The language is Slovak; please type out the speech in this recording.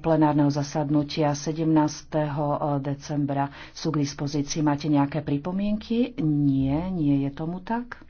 plenárneho zasadnutia 17. Eh, decembra sú k dispozícii. Máte nejaké pripomienky? Nie, nie je tomu tak.